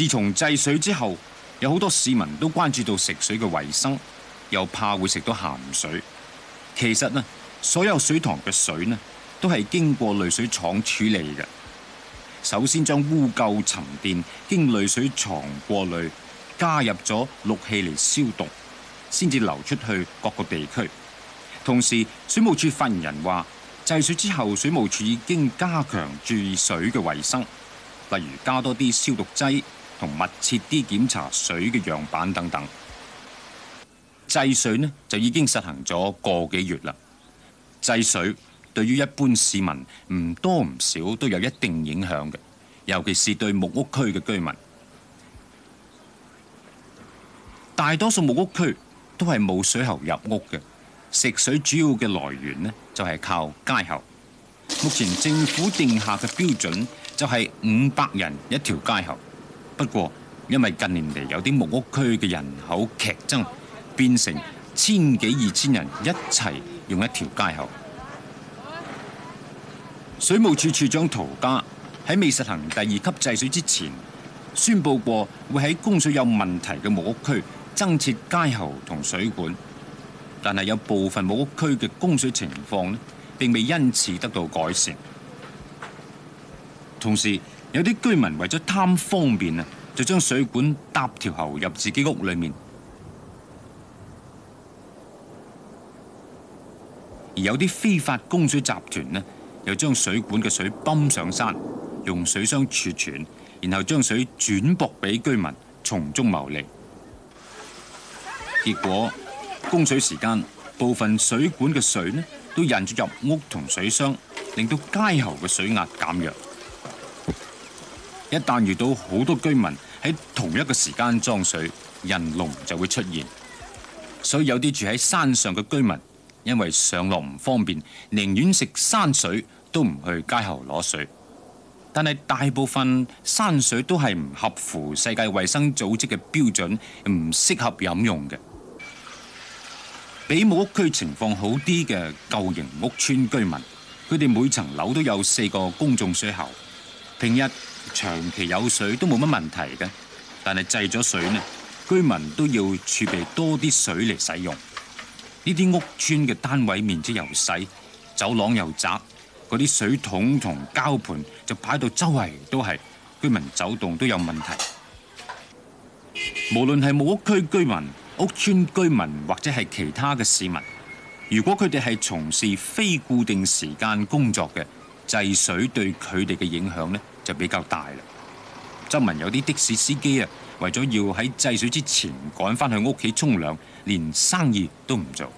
自從制水之後，有好多市民都關注到食水嘅衛生，又怕會食到鹹水。其實呢，所有水塘嘅水呢，都係經過濾水廠處理嘅。首先將污垢沉澱，經濾水廠過濾，加入咗氯氣嚟消毒，先至流出去各個地區。同時，水務署發言人話，制水之後，水務署已經加強注意水嘅衛生，例如加多啲消毒劑。同密切啲檢查水嘅樣板等等，制水呢就已經實行咗個幾月啦。制水對於一般市民唔多唔少都有一定影響嘅，尤其是對木屋區嘅居民。大多數木屋區都係冇水喉入屋嘅，食水主要嘅來源呢就係靠街喉。目前政府定下嘅標準就係五百人一條街喉。不過，因為近年嚟，有啲木屋區嘅人口劇增，變成千幾二千人一齊用一條街喉。水務署署長陶家喺未實行第二級制水之前，宣布過會喺供水有問題嘅木屋區增設街喉同水管，但係有部分木屋區嘅供水情況咧，並未因此得到改善。同時，有啲居民為咗貪方便啊！就將水管搭條喉入自己屋裏面，而有啲非法供水集團呢，又將水管嘅水泵上山，用水箱儲存，然後將水轉駁俾居民，從中牟利。結果供水時間，部分水管嘅水呢，都引住入屋同水箱，令到街喉嘅水壓減弱。一旦遇到好多居民。喺同一個時間裝水，人龍就會出現。所以有啲住喺山上嘅居民，因為上落唔方便，寧願食山水都唔去街喉攞水。但係大部分山水都係唔合乎世界衛生組織嘅標準，唔適合飲用嘅。比木屋區情況好啲嘅舊型屋村居民，佢哋每層樓都有四個公眾水喉。平日長期有水都冇乜問題嘅，但係制咗水呢，居民都要儲備多啲水嚟使用。呢啲屋村嘅單位面積又細，走廊又窄，嗰啲水桶同膠盤就擺到周圍都係，居民走動都有問題。無論係木屋區居民、屋村居民或者係其他嘅市民，如果佢哋係從事非固定時間工作嘅。制水對佢哋嘅影響呢就比較大啦。周文有啲的士司機啊，為咗要喺制水之前趕返去屋企沖涼，連生意都唔做。